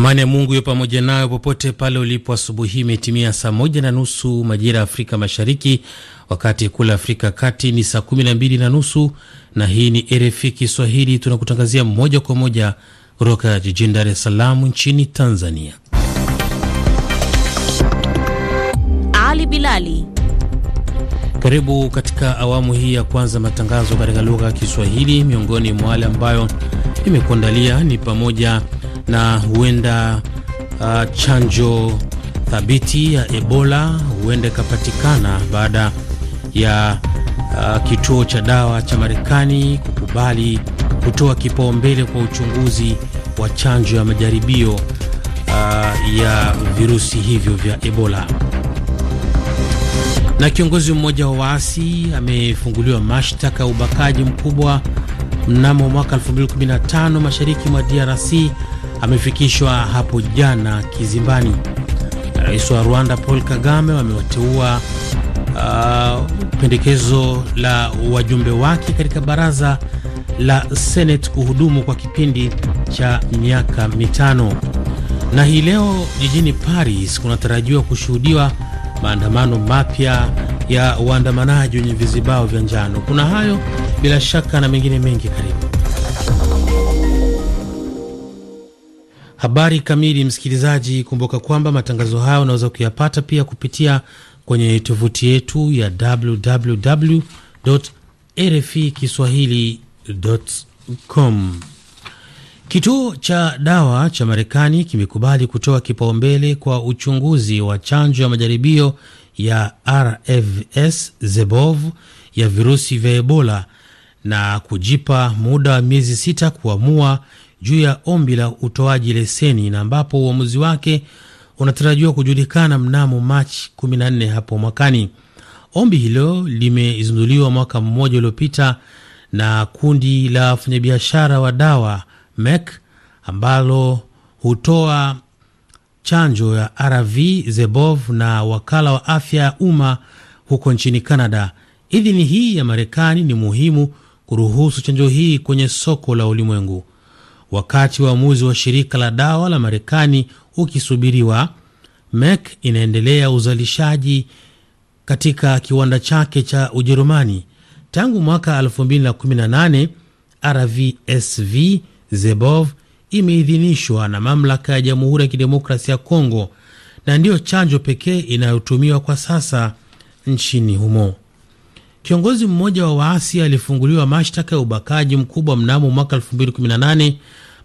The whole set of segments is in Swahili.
Amani ya Mungu iyo pamoja nayo popote pale ulipo. Asubuhi hii imetimia saa moja na nusu majira ya Afrika Mashariki, wakati kula Afrika Kati ni saa kumi na mbili na nusu na hii ni RFI Kiswahili, tunakutangazia moja kwa moja kutoka jijini Dar es Salaam nchini Tanzania. Ali Bilali, karibu katika awamu hii ya kwanza matangazo katika lugha ya Kiswahili. Miongoni mwa wale ambayo imekuandalia ni pamoja na huenda uh, chanjo thabiti ya Ebola huenda ikapatikana baada ya uh, kituo cha dawa cha Marekani kukubali kutoa kipaumbele kwa uchunguzi wa chanjo ya majaribio uh, ya virusi hivyo vya Ebola. Na kiongozi mmoja wa waasi amefunguliwa mashtaka ya ubakaji mkubwa mnamo mwaka 2015 mashariki mwa DRC amefikishwa hapo jana kizimbani. Rais wa Rwanda Paul Kagame wamewateua uh, pendekezo la wajumbe wake katika baraza la Senate kuhudumu kwa kipindi cha miaka mitano. Na hii leo jijini Paris kunatarajiwa kushuhudiwa maandamano mapya ya waandamanaji wenye vizibao vya njano. Kuna hayo bila shaka na mengine mengi, karibu Habari kamili, msikilizaji, kumbuka kwamba matangazo haya unaweza kuyapata pia kupitia kwenye tovuti yetu ya www RFI Kiswahili.com. Kituo cha dawa cha Marekani kimekubali kutoa kipaumbele kwa uchunguzi wa chanjo ya majaribio ya RFS Zebov ya virusi vya Ebola na kujipa muda wa miezi sita kuamua juu ya ombi la utoaji leseni na ambapo uamuzi wake unatarajiwa kujulikana mnamo Machi 14 hapo mwakani. Ombi hilo limezinduliwa mwaka mmoja uliopita na kundi la wafanyabiashara wa dawa MEC ambalo hutoa chanjo ya RV Zebov na wakala wa afya ya umma huko nchini Canada. Idhini hii ya Marekani ni muhimu kuruhusu chanjo hii kwenye soko la ulimwengu wakati uamuzi wa, shirika la dawa la Marekani ukisubiriwa. Merck inaendelea uzalishaji katika kiwanda chake cha Ujerumani tangu mwaka 2018. RVSV Zebov imeidhinishwa na mamlaka ya Jamhuri ya Kidemokrasia ya Kongo na ndiyo chanjo pekee inayotumiwa kwa sasa nchini humo. Kiongozi mmoja wa waasi alifunguliwa mashtaka ya ubakaji mkubwa mnamo mwaka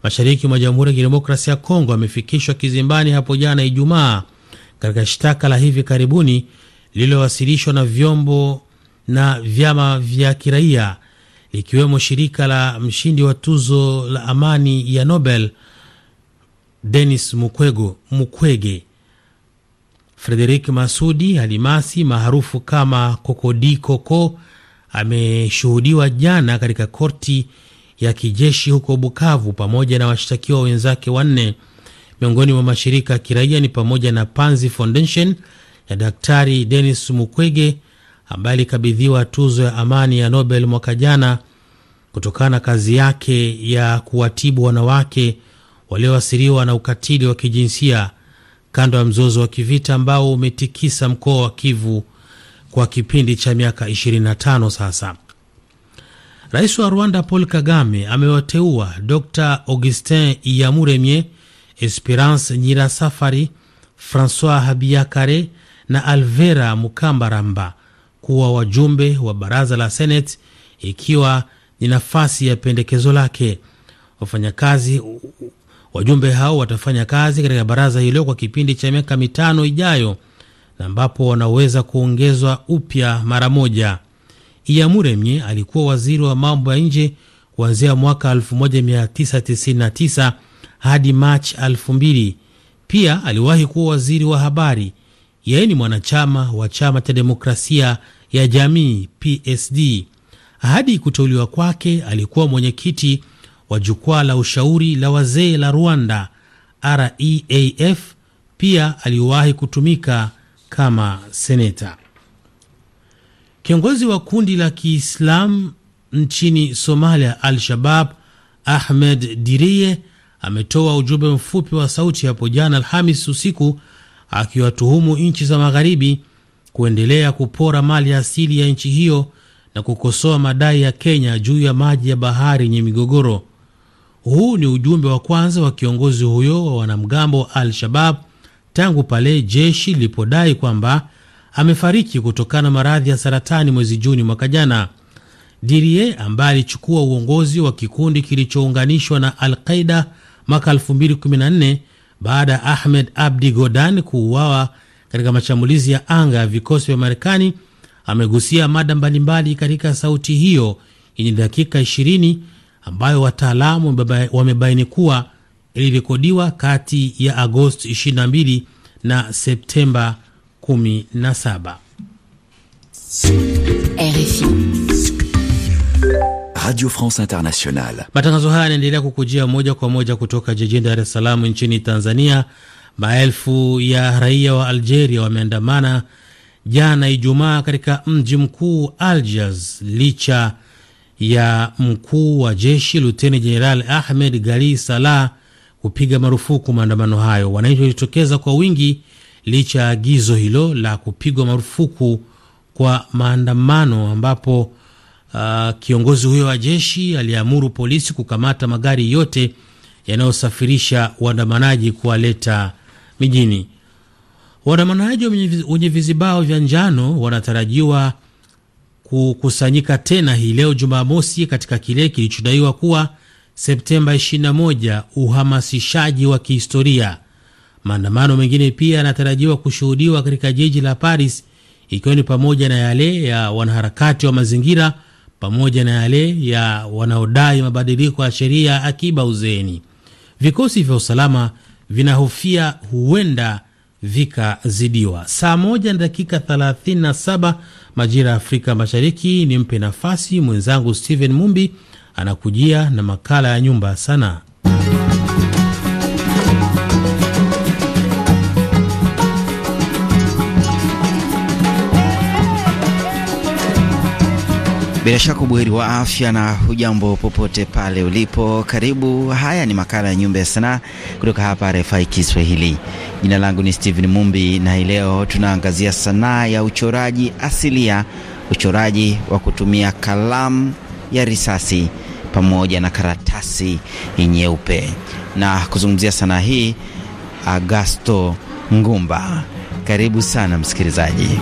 mashariki mwa Jamhuri ya Kidemokrasia ya Kongo amefikishwa kizimbani hapo jana Ijumaa katika shtaka la hivi karibuni lililowasilishwa na vyombo na vyama vya kiraia likiwemo shirika la mshindi wa tuzo la amani ya Nobel Denis Mukwego, Mukwege. Frederik Masudi alimasi maarufu kama Koko ameshuhudiwa jana katika korti ya kijeshi huko Bukavu pamoja na washtakiwa wenzake wanne. Miongoni mwa mashirika ya kiraia ni pamoja na Panzi Foundation ya Daktari Denis Mukwege ambaye alikabidhiwa tuzo ya amani ya Nobel mwaka jana kutokana na kazi yake ya kuwatibu wanawake walioathiriwa na ukatili wa kijinsia kando ya mzozo wa kivita ambao umetikisa mkoa wa Kivu kwa kipindi cha miaka 25 sasa. Rais wa Rwanda Paul Kagame amewateua Dr Augustin Iyamuremye, Esperance Nyirasafari, Francois habiakare na Alvera Mukambaramba kuwa wajumbe wa baraza la senate ikiwa ni nafasi ya pendekezo lake. Wafanyakazi wajumbe hao watafanya kazi katika baraza hilo kwa kipindi cha miaka mitano ijayo, na ambapo wanaweza kuongezwa upya mara moja. Iyamuremye alikuwa waziri wa mambo ya nje kuanzia mwaka 1999 hadi Machi 2000. Pia aliwahi kuwa waziri wa habari. Yeye ni mwanachama wa chama cha demokrasia ya jamii PSD. Hadi kuteuliwa kwake, alikuwa mwenyekiti wa jukwaa la ushauri la wazee la Rwanda REAF. Pia aliwahi kutumika kama seneta. Kiongozi wa kundi la Kiislamu nchini Somalia, Al-Shabab, Ahmed Diriye ametoa ujumbe mfupi wa sauti hapo jana Alhamis usiku akiwatuhumu nchi za magharibi kuendelea kupora mali ya asili ya nchi hiyo na kukosoa madai ya Kenya juu ya maji ya bahari yenye migogoro. Huu ni ujumbe wa kwanza wa kiongozi huyo wa wanamgambo wa Al-Shabab tangu pale jeshi lilipodai kwamba amefariki kutokana na maradhi ya saratani mwezi Juni mwaka jana. Dirie ambaye alichukua uongozi wa kikundi kilichounganishwa na Al Qaida mwaka 2014 baada ya Ahmed Abdi Godan kuuawa katika mashambulizi ya anga ya vikosi vya Marekani amegusia mada mbalimbali katika sauti hiyo yenye dakika 20 ambayo wataalamu wamebaini kuwa ilirekodiwa kati ya Agosti 22 na Septemba RFI Radio France Internationale. Matangazo haya yanaendelea kukujia moja kwa moja kutoka jijini Dar es Salaam nchini Tanzania. Maelfu ya raia wa Algeria wameandamana jana Ijumaa katika mji mkuu Algiers licha ya mkuu wa jeshi Luteni Jeneral Ahmed Gali Salah kupiga marufuku maandamano hayo. Wananchi walijitokeza kwa wingi licha ya agizo hilo la kupigwa marufuku kwa maandamano, ambapo uh, kiongozi huyo wa jeshi aliamuru polisi kukamata magari yote yanayosafirisha waandamanaji kuwaleta mijini. Waandamanaji wenye vizibao vya njano wanatarajiwa kukusanyika tena hii leo Jumamosi katika kile kilichodaiwa kuwa Septemba 21, uhamasishaji wa kihistoria Maandamano mengine pia yanatarajiwa kushuhudiwa katika jiji la Paris, ikiwa ni pamoja na yale ya wanaharakati wa mazingira pamoja na yale ya wanaodai mabadiliko ya sheria ya akiba uzeeni. Vikosi vya usalama vinahofia huenda vikazidiwa. Saa moja na dakika 37 majira ya Afrika Mashariki. Nimpe nafasi mwenzangu Steven Mumbi anakujia na makala ya Nyumba ya Sanaa. Bila shaka buheri wa afya na hujambo popote pale ulipo. Karibu, haya ni makala ya Nyumba ya Sanaa kutoka hapa RFI Kiswahili. Jina langu ni Steven Mumbi na hii leo tunaangazia sanaa ya uchoraji asilia, uchoraji wa kutumia kalamu ya risasi pamoja na karatasi nyeupe. Na kuzungumzia sanaa hii, Agasto Ngumba. Karibu sana msikilizaji.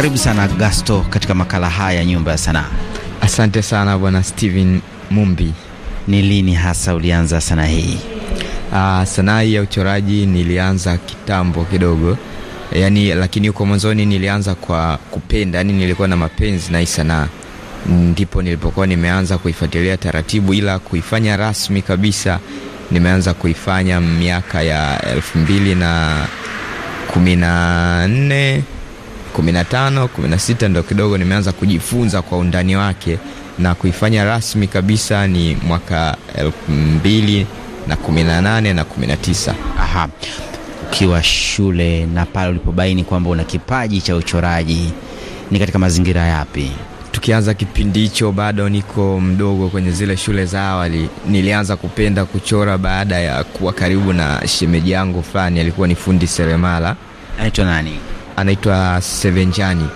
Karibu sana Gasto katika makala haya ya nyumba ya sanaa. Asante sana bwana Steven Mumbi. Ni lini hasa ulianza sanaa hii? Uh, sanaa hii ya uchoraji nilianza kitambo kidogo yani, lakini huko mwanzoni nilianza kwa kupenda, yani nilikuwa na mapenzi na hii sanaa, ndipo nilipokuwa nimeanza kuifuatilia taratibu, ila kuifanya rasmi kabisa nimeanza kuifanya miaka ya elfu mbili na kumi na nne 15, 16 ndo kidogo nimeanza kujifunza kwa undani wake na kuifanya rasmi kabisa ni mwaka 2018 na 19. Aha. Ukiwa shule na pale ulipobaini kwamba una kipaji cha uchoraji ni katika mazingira yapi? Tukianza kipindi hicho, bado niko mdogo kwenye zile shule za awali, nilianza kupenda kuchora baada ya kuwa karibu na shemeji yangu fulani, alikuwa ni fundi seremala. Anaitwa nani? anaitwa Sevenjani.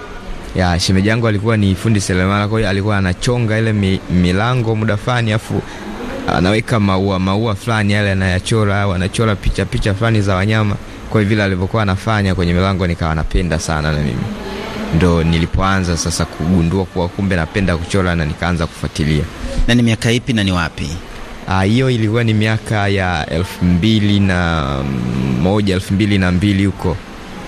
Ya shemeji yangu alikuwa ni fundi seremala, kwa hiyo alikuwa anachonga ile mi, milango muda fulani, afu anaweka maua maua fulani yale anayachora, au anachora picha picha fulani za wanyama. Kwa hiyo vile alivyokuwa anafanya kwenye milango, nikawa napenda sana na mimi ndo nilipoanza sasa kugundua kuwa kumbe napenda kuchora na nikaanza kufuatilia. Na ni miaka ipi na ni wapi? Ah, hiyo ilikuwa ni miaka ya elfu mbili na moja elfu mbili na mbili huko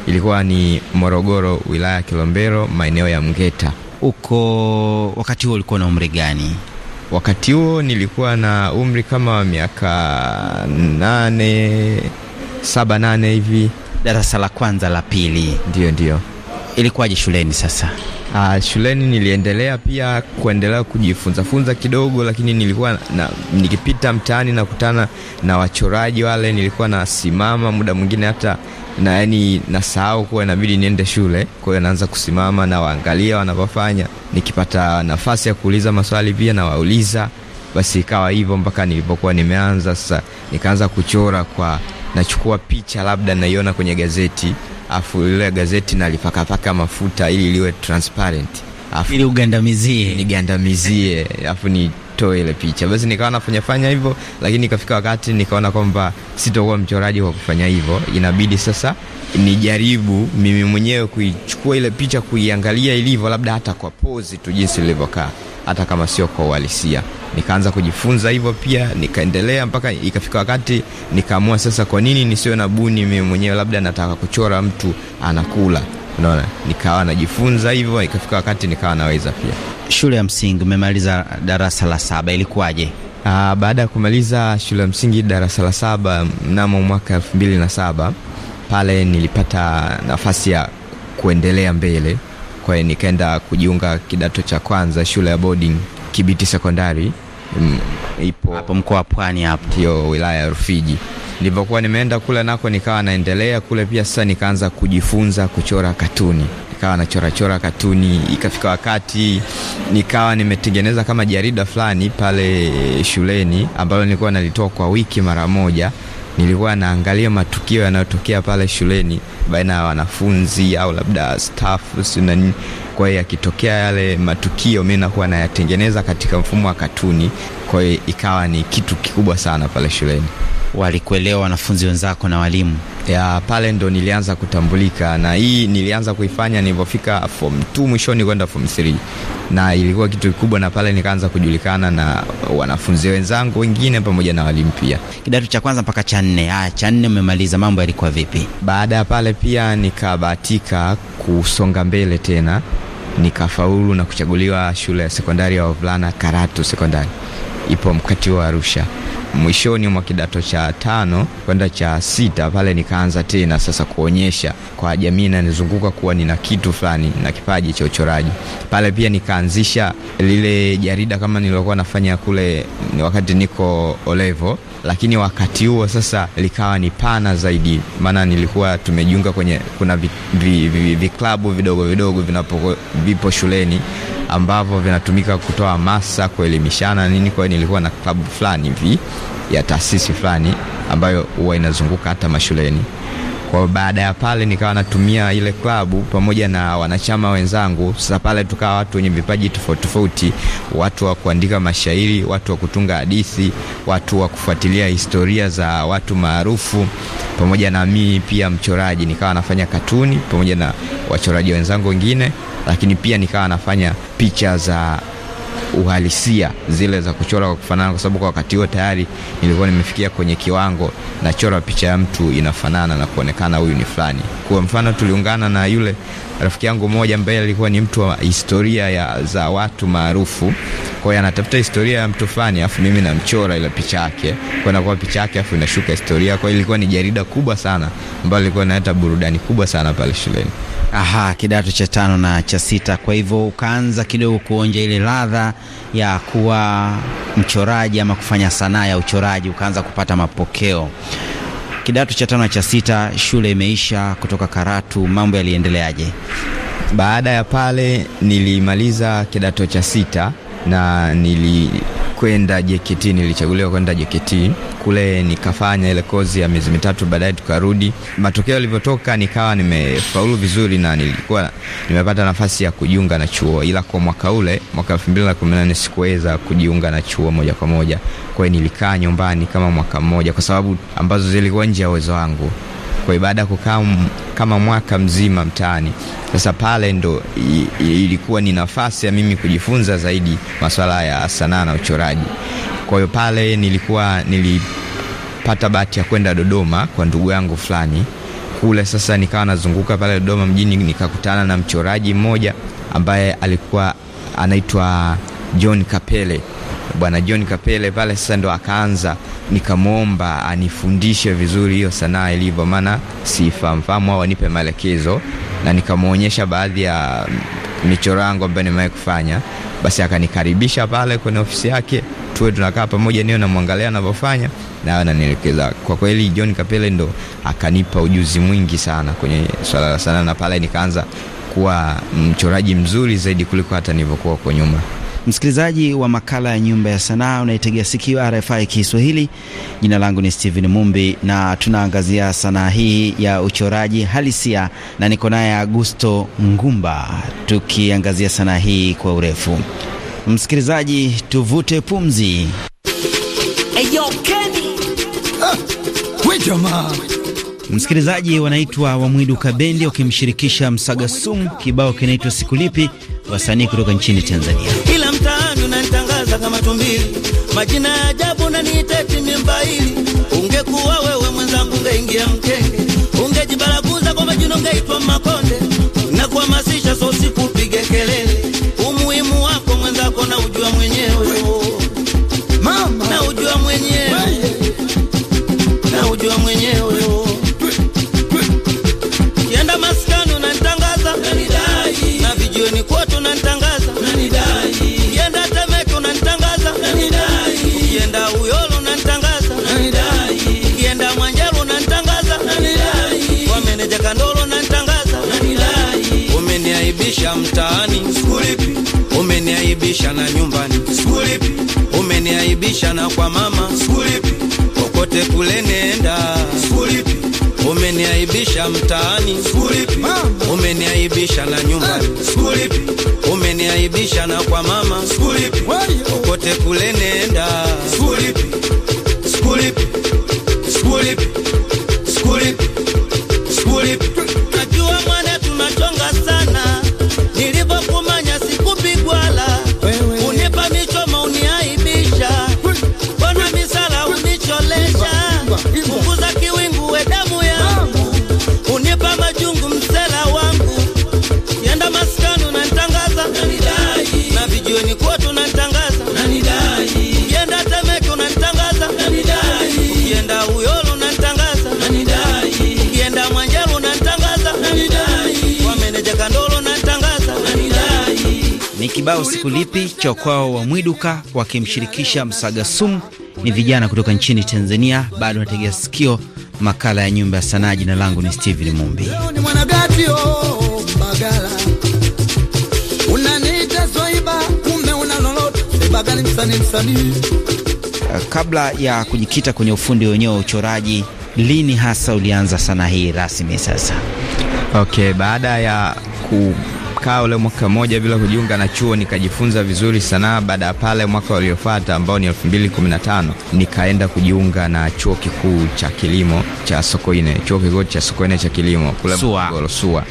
ilikuwa ni Morogoro, wilaya ya Kilombero, maeneo ya Mgeta. Uko wakati huo ulikuwa na umri gani? Wakati huo nilikuwa na umri kama miaka nane, saba nane hivi, darasa la kwanza la pili. Ndio, ndio. Ilikuwaje shuleni sasa? Uh, shuleni niliendelea pia kuendelea kujifunza funza kidogo, lakini nilikuwa na, nikipita mtaani nakutana na wachoraji wale, nilikuwa nasimama muda mwingine hata na yani nasahau kuwa inabidi niende shule. Kwa hiyo naanza kusimama nawaangalia wanavyofanya, nikipata nafasi ya kuuliza maswali pia nawauliza. Basi ikawa hivyo mpaka nilipokuwa nimeanza sasa, nikaanza kuchora kwa nachukua picha labda naiona kwenye gazeti, afu ile gazeti nalipakapaka mafuta ili liwe transparent, afu ili ugandamizie, nigandamizie afu ni nitoe ile picha. Basi nikawa nafanya fanya hivyo, lakini ikafika wakati nikaona kwamba sitakuwa mchoraji kwa kufanya hivyo, inabidi sasa nijaribu mimi mwenyewe kuichukua ile picha, kuiangalia ilivyo, labda hata kwa pozi tu jinsi ilivyokaa hata kama sio kwa uhalisia. Nikaanza kujifunza hivyo pia, nikaendelea mpaka ikafika wakati nikaamua sasa, kwa nini nisiwe na buni mimi mwenyewe, labda nataka kuchora mtu anakula unaona, nikawa najifunza hivyo, ikafika wakati nikawa naweza pia. Shule ya msingi umemaliza darasa la saba, ilikuwaje? Aa, ah, baada ya kumaliza shule ya msingi darasa la saba mnamo mwaka elfu mbili na saba pale nilipata nafasi ya kuendelea mbele, kwao nikaenda kujiunga kidato cha kwanza shule ya boarding Kibiti Sekondari, mm, ipo hapo mkoa wa Pwani, hapo ndio wilaya ya Rufiji nilipokuwa nimeenda kule nako nikawa naendelea kule pia. Sasa nikaanza kujifunza kuchora katuni, nikawa nachorachora katuni. Ikafika wakati nikawa nimetengeneza kama jarida fulani pale shuleni ambalo nilikuwa nalitoa kwa wiki mara moja. Nilikuwa naangalia matukio yanayotokea pale shuleni baina ya wanafunzi au labda stafu sinani. Kwa hiyo yakitokea yale matukio, mi nakuwa nayatengeneza katika mfumo wa katuni. Kwa hiyo ikawa ni kitu kikubwa sana pale shuleni walikuelewa wanafunzi wenzako na walimu? Ya, pale ndo nilianza kutambulika, na hii nilianza kuifanya nilipofika form 2 mwishoni kwenda form 3, na ilikuwa kitu kikubwa, na pale nikaanza kujulikana na wanafunzi wenzangu wengine pamoja na walimu pia. Kidato cha kwanza mpaka cha nne. Ah, cha nne umemaliza, mambo yalikuwa vipi baada ya pale? Pia nikabahatika kusonga mbele tena nikafaulu na kuchaguliwa shule ya sekondari ya wavulana Karatu Sekondari ipo mkati wa Arusha. Mwishoni mwa kidato cha tano kwenda cha sita pale nikaanza tena sasa kuonyesha kwa jamii nanizunguka kuwa nina kitu fulani na kipaji cha uchoraji. Pale pia nikaanzisha lile jarida kama nililokuwa nafanya kule wakati niko Olevo, lakini wakati huo sasa likawa ni pana zaidi, maana nilikuwa tumejiunga kwenye kuna viklabu vi, vi, vi, vidogo vidogo vinapo vipo shuleni ambavyo vinatumika kutoa hamasa, kuelimishana nini. Kwa hiyo nilikuwa na klabu fulani hivi ya taasisi fulani ambayo huwa inazunguka hata mashuleni. Kwa baada ya pale nikawa natumia ile klabu pamoja na wanachama wenzangu. Sasa pale tukawa watu wenye vipaji tofauti tofauti, watu wa kuandika mashairi, watu wa kutunga hadithi, watu wa kufuatilia historia za watu maarufu, pamoja na mimi pia mchoraji, nikawa nafanya katuni pamoja na wachoraji wenzangu wengine lakini pia nikawa nafanya picha za uhalisia zile za kuchora kwa kufanana, kwa sababu kwa wakati huo tayari nilikuwa nimefikia kwenye kiwango nachora picha ya mtu inafanana na kuonekana huyu ni fulani. Kwa mfano, tuliungana na yule rafiki yangu mmoja ambaye alikuwa ni mtu wa historia ya, za watu maarufu. Kwa hiyo anatafuta historia ya mtu fulani, afu mimi namchora ile picha yake, kwa na kwa picha yake, afu inashuka historia. Kwa hiyo ilikuwa ni jarida kubwa sana ambayo ilikuwa inaleta burudani kubwa sana pale shuleni. Aha, kidato cha tano na cha sita. Kwa hivyo ukaanza kidogo kuonja ile ladha ya kuwa mchoraji ama kufanya sanaa ya uchoraji ukaanza kupata mapokeo. Kidato cha tano cha sita, shule imeisha, kutoka Karatu, mambo yaliendeleaje? Baada ya pale nilimaliza kidato cha sita na nilikwenda JKT, nilichaguliwa kwenda JKT kule, nikafanya ile kozi ya miezi mitatu, baadaye tukarudi. Matokeo yalivyotoka, nikawa nimefaulu vizuri na nilikuwa nimepata nafasi ya kujiunga na chuo, ila kwa mwaka ule, mwaka 2018 sikuweza kujiunga na chuo moja kwa moja. Kwa hiyo nilikaa nyumbani kama mwaka mmoja, kwa sababu ambazo zilikuwa nje ya uwezo wangu kwa ibada baada ya kukaa kama mwaka mzima mtaani, sasa pale ndo ilikuwa ni nafasi ya mimi kujifunza zaidi masuala ya sanaa na uchoraji. Kwa hiyo pale nilikuwa nilipata bahati ya kwenda Dodoma kwa ndugu yangu fulani kule. Sasa nikawa nazunguka pale Dodoma mjini, nikakutana na mchoraji mmoja ambaye alikuwa anaitwa John Kapele bwana John Kapele pale. Sasa ndo akaanza nikamwomba anifundishe vizuri hiyo sanaa ilivyo, maana sifahamu au anipe maelekezo, na nikamwonyesha baadhi ya michoro yangu ambayo nimewahi kufanya. Basi akanikaribisha pale kwenye ofisi yake, tuwe tunakaa pamoja, niyo namwangalia anavyofanya na ananielekeza. Kwa kweli, John Kapele ndo akanipa ujuzi mwingi sana kwenye swala la sanaa, na pale nikaanza kuwa mchoraji mzuri zaidi kuliko hata nilivyokuwa kwa nyuma. Msikilizaji wa makala ya Nyumba ya Sanaa, unaitegea sikio RFI Kiswahili. Jina langu ni Steven Mumbi na tunaangazia sanaa hii ya uchoraji halisia, na niko naye Augusto Ngumba tukiangazia sanaa hii kwa urefu. Msikilizaji, tuvute pumzi. Ah, jamaa msikilizaji, wanaitwa Wamwidu Kabendi wakimshirikisha Msaga kibao kinaitwa Sikulipi, wasanii kutoka nchini Tanzania kuja kama tumbili, majina ya ajabu na niiteti mimbaili. Ungekuwa wewe mwenzangu, ungeingia mkenge, ungejibaraguza kwa majina, ungeitwa makoni ya mtaani, sikulipi umeniaibisha na nyumbani, sikulipi umeniaibisha na kwa mama, sikulipi kokote kule nenda, sikulipi umeniaibisha mtaani, sikulipi umeniaibisha na nyumbani, sikulipi umeniaibisha na kwa mama, sikulipi kokote kule nenda, sikulipi sikulipi sikulipi kibao lipi cha ukwao wa Mwiduka wakimshirikisha Msaga Ni vijana kutoka nchini Tanzania. Bado nategea sikio makala ya nyumba ya sanaa. Jina langu ni Steven Mumbi. Kabla ya kujikita kwenye ufundi wenyewe wa uchoraji, lini hasa ulianza sanaa hii rasmi sasa? Okay, baada ya ku nikakaa ule mwaka mmoja bila kujiunga na chuo, nikajifunza vizuri sanaa Baada ya pale, mwaka uliofuata ambao ni 2015 nikaenda kujiunga na chuo kikuu cha kilimo cha Sokoine, chuo kikuu cha Sokoine cha kilimo kule Morogoro SUA.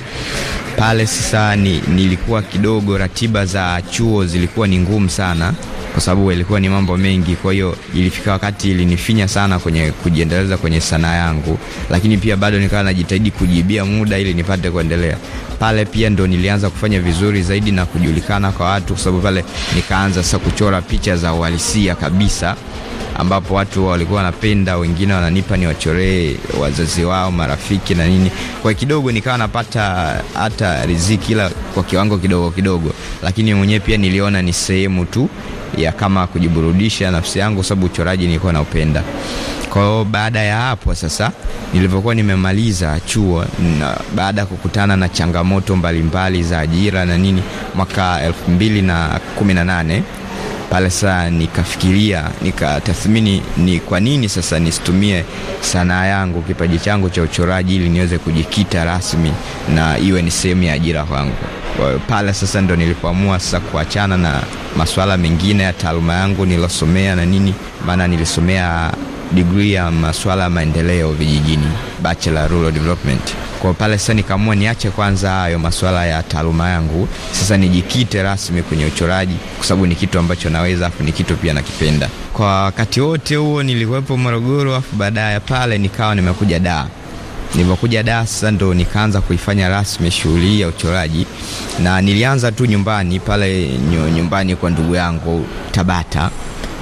Pale sasa ni, nilikuwa kidogo, ratiba za chuo zilikuwa ni ngumu sana kwa sababu ilikuwa ni mambo mengi. Kwa hiyo ilifika wakati ilinifinya sana kwenye kujiendeleza kwenye sanaa yangu, lakini pia bado nikawa najitahidi kujibia muda ili nipate kuendelea. Pale pia ndo nilianza kufanya vizuri zaidi na kujulikana kwa watu, kwa sababu pale nikaanza sasa kuchora picha za uhalisia kabisa ambapo watu walikuwa wanapenda, wengine wananipa ni wachoree wazazi wao, marafiki na nini. Kwa kidogo nikawa napata hata riziki, ila kwa kiwango kidogo kidogo, lakini mwenyewe pia niliona ni sehemu tu ya kama kujiburudisha nafsi yangu, sababu uchoraji nilikuwa naupenda. Kwa hiyo baada ya hapo sasa, nilivyokuwa nimemaliza chuo na baada ya kukutana na changamoto mbalimbali mbali za ajira na nini, mwaka elfu mbili na kumi na nane pale. Sasa nikafikiria nikatathmini, ni kwa nini sasa nisitumie sanaa yangu, kipaji changu cha uchoraji, ili niweze kujikita rasmi na iwe ni sehemu ya ajira kwangu. Pale sasa ndo nilipoamua sasa kuachana na masuala mengine ya taaluma yangu nilosomea na nini, maana nilisomea digrii ya masuala ya maendeleo vijijini, bachelor rural development kwa pale sasa nikaamua niache kwanza hayo masuala ya taaluma yangu, sasa nijikite rasmi kwenye uchoraji, kwa sababu ni kitu ambacho naweza, afu ni kitu pia nakipenda. Kwa wakati wote huo nilikuwepo Morogoro, afu baadaye pale nikawa nimekuja Dar. Nilipokuja Dar sasa ndo nikaanza kuifanya rasmi shughuli ya uchoraji, na nilianza tu nyumbani pale nyumbani kwa ndugu yangu Tabata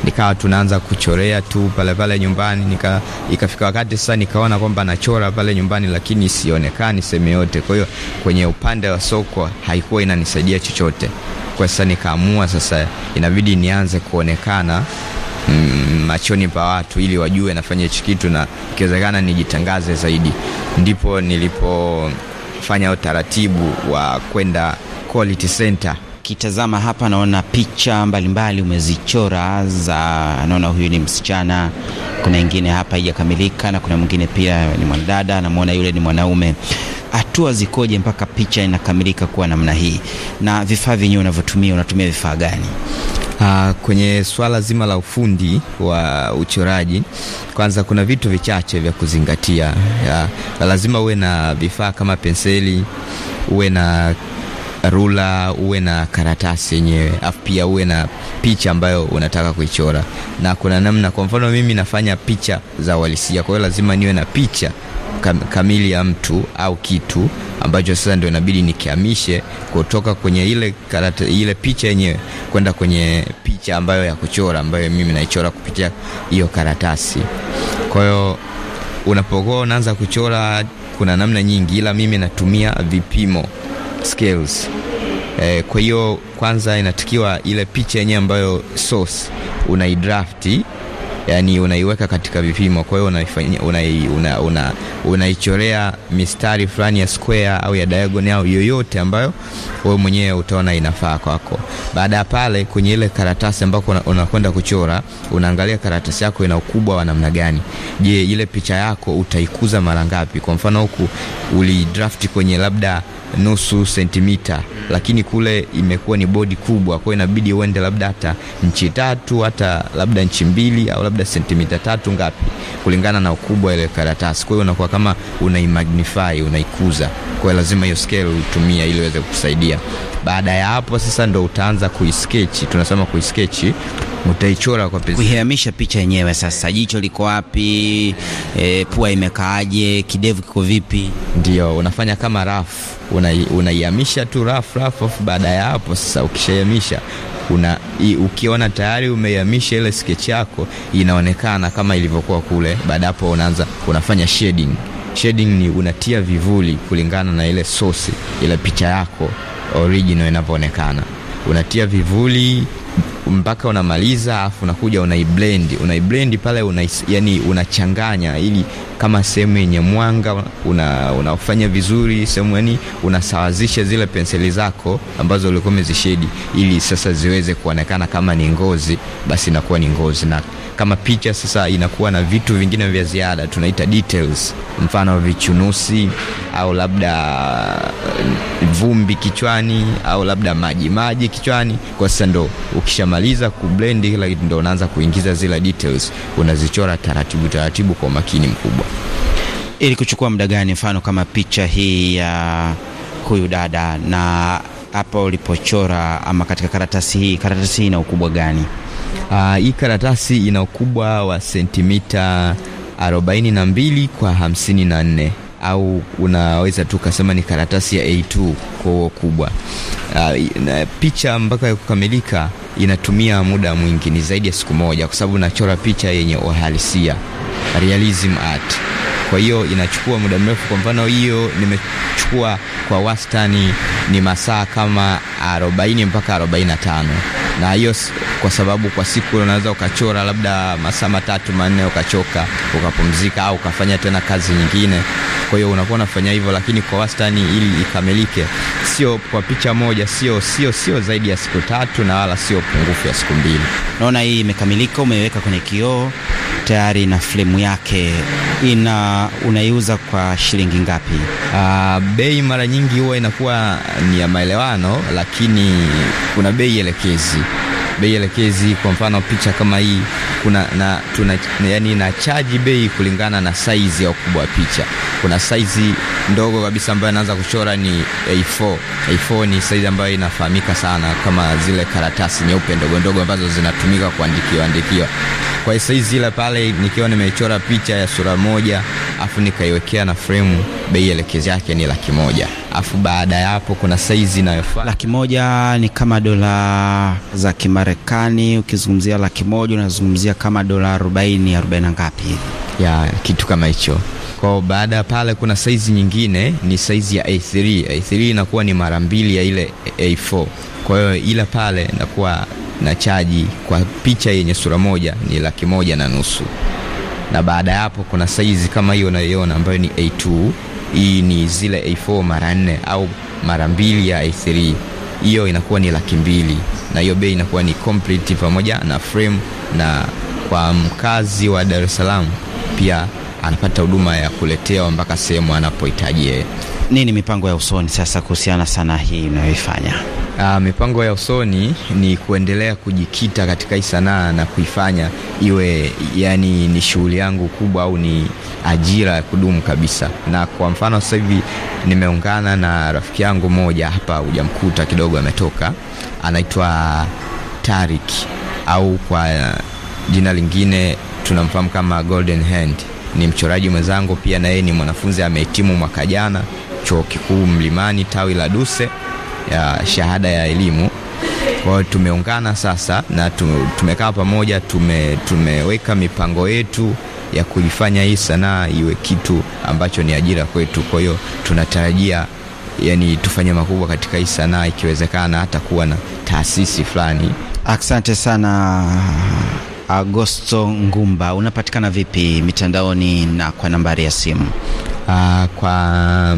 nikawa tunaanza kuchorea tu pale pale nyumbani nika, ikafika wakati sasa nikaona kwamba nachora pale nyumbani, lakini sionekani sehemu yote. Kwa hiyo kwenye upande wa soko haikuwa inanisaidia chochote. Kwa sasa nikaamua sasa inabidi nianze kuonekana mm, machoni pa watu ili wajue nafanya hichi kitu na ikiwezekana nijitangaze zaidi. Ndipo nilipofanya utaratibu wa kwenda quality center Nikitazama hapa naona picha mbalimbali umezichora za, naona huyu ni msichana, kuna ingine hapa haijakamilika, na kuna mwingine pia ni mwanadada, namwona yule ni mwanaume. Hatua zikoje mpaka picha inakamilika kuwa namna hii? Na vifaa vyenyewe unavyotumia, unatumia vifaa gani? Uh, kwenye swala zima la ufundi wa uchoraji, kwanza kuna vitu vichache vya kuzingatia. Ya, lazima uwe na vifaa kama penseli, uwe na rula, uwe na karatasi yenyewe, afu pia uwe na picha ambayo unataka kuichora, na kuna namna. Kwa mfano mimi nafanya picha za uhalisia, kwa hiyo lazima niwe na picha kam, kamili ya mtu au kitu ambacho sasa ndio inabidi nikiamishe kutoka kwenye ile karata, ile picha yenyewe kwenda kwenye picha ambayo ya kuchora ambayo mimi naichora kupitia hiyo karatasi. Kwa hiyo unapokuwa unaanza kuchora, kuna namna nyingi, ila mimi natumia vipimo skills. E, kwa hiyo kwanza inatakiwa ile picha yenyewe ambayo source unaidrafti yani unaiweka katika vipimo. Kwa hiyo unaifanyia una, una, una mistari fulani ya square au ya diagonal au yoyote ambayo wewe mwenyewe utaona inafaa kwako. Baada ya pale, kwenye ile karatasi ambako unakwenda una kuchora, unaangalia karatasi yako ina ukubwa wa namna gani. Je, ile picha yako utaikuza mara ngapi? Kwa mfano huku ulidrafti kwenye labda nusu sentimita, lakini kule imekuwa ni bodi kubwa, kwa hiyo inabidi uende labda hata nchi tatu hata labda nchi mbili au labda labda sentimita tatu ngapi, kulingana na ukubwa ile karatasi. Kwa hiyo unakuwa kama unaimagnify, unaikuza. Kwa hiyo lazima hiyo scale utumia ili iweze kukusaidia. Baada ya hapo sasa ndo utaanza kuisketch, tunasema kuisketch, utaichora kwa pesa, kuihamisha picha yenyewe. Sasa jicho liko wapi? E, pua imekaaje? Kidevu kiko vipi? Ndio unafanya kama rafu, unaihamisha tu rafu rafu, baada ya hapo sasa ukishahamisha una i, ukiona tayari umeiamisha ile sketch yako inaonekana kama ilivyokuwa kule. Baada hapo unaanza unafanya shading. Shading ni unatia vivuli kulingana na ile source, ile picha yako original inavyoonekana unatia vivuli mpaka unamaliza, afu unakuja unaiblend, unaiblend pale una, yani unachanganya ili kama sehemu yenye mwanga una, unafanya vizuri sehemu, yani unasawazisha zile penseli zako ambazo ulikuwa umezishedi, ili sasa ziweze kuonekana kama ni ngozi, basi inakuwa ni ngozi, na kama picha sasa inakuwa na vitu vingine vya ziada, tunaita details, mfano vichunusi au labda vumbi kichwani au labda maji maji kichwani, kwa sasa ndo ukisha Ukimaliza kublend kila kitu, ndio unaanza kuingiza zile details, unazichora taratibu taratibu kwa makini mkubwa. Ili kuchukua muda gani? Mfano kama picha hii ya uh, huyu dada na hapa ulipochora ama katika karatasi hii, karatasi hii ina ukubwa gani? Uh, hii karatasi ina ukubwa wa sentimita arobaini na mbili kwa hamsini na nne au unaweza tu kasema ni karatasi ya A2 kwa ukubwa. Uh, picha mpaka ya kukamilika inatumia muda mwingi, ni zaidi ya siku moja, kwa sababu nachora picha yenye uhalisia, realism art. Kwa hiyo inachukua muda mrefu. Kwa mfano, hiyo nimechukua kwa wastani ni masaa kama 40 mpaka 45 na hiyo kwa sababu kwa siku unaweza ukachora labda masaa matatu manne, ukachoka ukapumzika, au ukafanya tena kazi nyingine. Kwa hiyo unakuwa unafanya hivyo, lakini kwa wastani, ili ikamilike, sio kwa picha moja, sio sio sio zaidi ya siku tatu, na wala sio pungufu ya siku mbili. Naona hii imekamilika, umeweka kwenye kioo tayari na flemu yake ina unaiuza kwa shilingi ngapi? Uh, bei mara nyingi huwa inakuwa ni ya maelewano, lakini kuna bei elekezi. Bei elekezi, kwa mfano picha kama hii kuna na, tuna, yani na chaji bei kulingana na size ya ukubwa wa picha. Kuna size ndogo kabisa ambayo anaanza kuchora ni A4. A4 ni size ambayo inafahamika sana kama zile karatasi nyeupe ndogo ndogo ambazo zinatumika kuandikiwa andikiwa. Kwa hiyo size ile pale nikiwa nimechora picha ya sura moja afu nikaiwekea na frame, bei elekezi yake ni laki moja. Afu baada ya hapo kuna size inayofaa. Laki moja ni kama dola za Kimarekani, ukizungumzia laki moja unazungumzia kufikia kama dola 40 40 ngapi hivi ya kitu kama hicho. Kwa baada ya pale kuna saizi nyingine ni saizi ya A3. A3 inakuwa ni mara mbili ya ile A4. Kwa hiyo ila pale nakuwa na chaji kwa picha yenye sura moja ni laki moja na nusu, na baada ya hapo kuna saizi kama hiyo unayoiona ambayo ni A2. Hii ni zile A4 mara nne au mara mbili ya A3 hiyo inakuwa ni laki mbili na hiyo bei inakuwa ni complete pamoja na frame, na kwa mkazi wa Dar es Salaam pia anapata huduma ya kuletewa mpaka sehemu anapohitaji yeye. Nini mipango ya usoni sasa kuhusiana sana hii inayoifanya Uh, mipango ya usoni ni kuendelea kujikita katika hii sanaa na kuifanya iwe yani ni shughuli yangu kubwa au ni ajira ya kudumu kabisa. Na kwa mfano sasa hivi nimeungana na rafiki yangu moja hapa, hujamkuta kidogo, ametoka, anaitwa Tarik au kwa jina lingine tunamfahamu kama Golden Hand. Ni mchoraji mwenzangu pia, na yeye ni mwanafunzi amehitimu mwaka jana chuo kikuu Mlimani tawi la Duse ya shahada ya elimu. Kwa tumeungana sasa na tumekaa pamoja, tume, tumeweka mipango yetu ya kuifanya hii sanaa iwe kitu ambacho ni ajira kwetu. Kwa hiyo tunatarajia yani tufanye makubwa katika hii sanaa, ikiwezekana hata kuwa na taasisi fulani. Asante sana. Agosto Ngumba, unapatikana vipi mitandaoni na kwa nambari ya simu? Aa, ah, kwa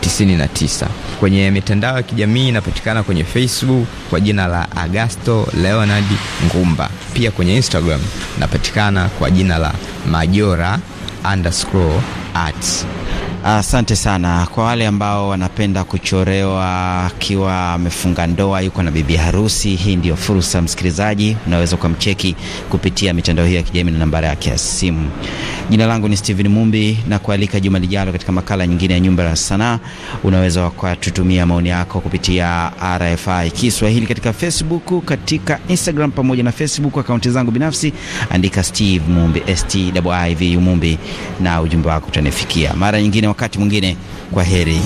99. Kwenye mitandao ya kijamii inapatikana kwenye Facebook kwa jina la Agasto Leonard Ngumba. Pia kwenye Instagram napatikana kwa jina la Majora underscore arts. Asante sana kwa wale ambao wanapenda kuchorewa akiwa amefunga ndoa, yuko na bibi harusi. Hii ndio fursa, msikilizaji, unaweza ukamcheki kupitia mitandao hii ya kijamii na nambari yake ya simu. Jina langu ni Steven Mumbi na kualika juma lijalo katika makala nyingine ya Nyumba ya Sanaa. Unaweza kututumia maoni yako kupitia RFI Kiswahili katika Facebook, katika Instagram pamoja na Facebook, akaunti zangu binafsi, andika Steve Mumbi, S T W I V Mumbi, na ujumbe wako utanifikia mara nyingine wakati mwingine, kwa heri.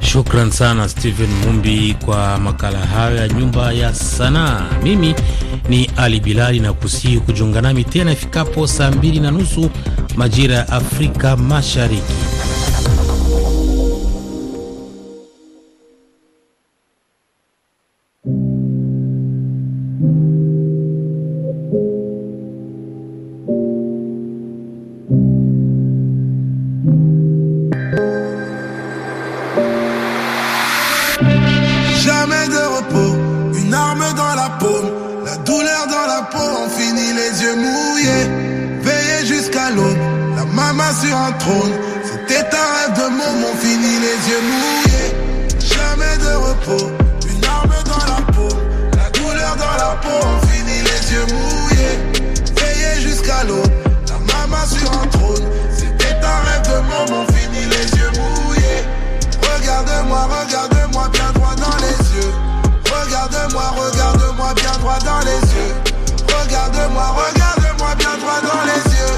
Shukran sana Stephen Mumbi kwa makala hayo ya Nyumba ya Sanaa. Mimi ni Ali Bilali na kusihi kujiunga nami tena ifikapo saa mbili na nusu majira ya Afrika Mashariki. une arme dans la peau, la douleur dans la peau, on finit les yeux mouillés, veillés jusqu'à l'eau, la maman sur un trône, c'était un rêve de moment. on finit les yeux mouillés. Regarde-moi, regarde-moi bien droit dans les yeux. Regarde-moi, regarde-moi bien droit dans les yeux. Regarde-moi, regarde-moi bien droit dans les yeux.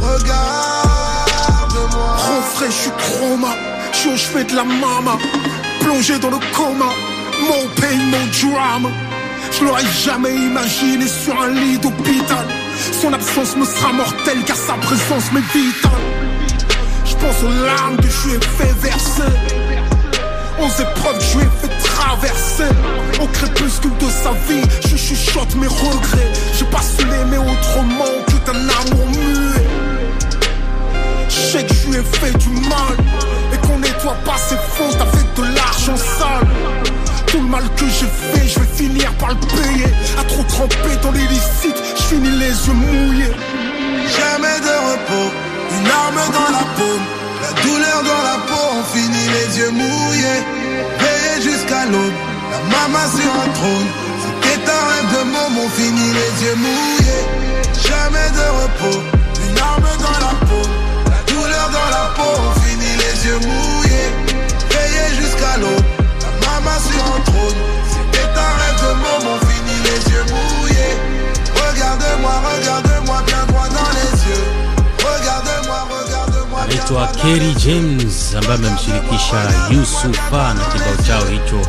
Regarde-moi. Trop frais, je suis chroma. Je suis au chevet de la maman plongé dans le coma. Mon pain, mon drame. Je l'aurais jamais imaginé sur un lit d'hôpital. Son absence me sera mortelle car sa présence m'est vitale. Je pense aux larmes que je lui ai fait verser. Aux épreuves que je lui ai fait traverser. Au crépuscule de sa vie, je chuchote mes regrets. Je passe l'aimer autrement que d'un amour muet. Je sais que je lui ai fait du mal. Péton dans je finis les yeux mouillés. Jamais de repos, une arme dans la peau, la douleur dans la peau, on finit les yeux mouillés. Veillé jusqu'à l'aube, la maman sur un trône, c'était un rêve de môme, on finit les yeux mouillés. Jamais de repos, une arme dans la peau, la douleur dans la peau, on finit les yeux mouillés. Veillé jusqu'à l'aube, la maman sur un trône, c'était un rêve de moment. Regarde-moi, regarde-moi bien droit dans les yeux. Anaitwa Kerry James ambaye amemshirikisha Yusufa na kibao chao hicho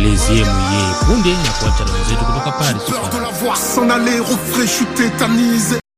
les mouillés. Punde na kuacha na wenzetu kutoka Paris.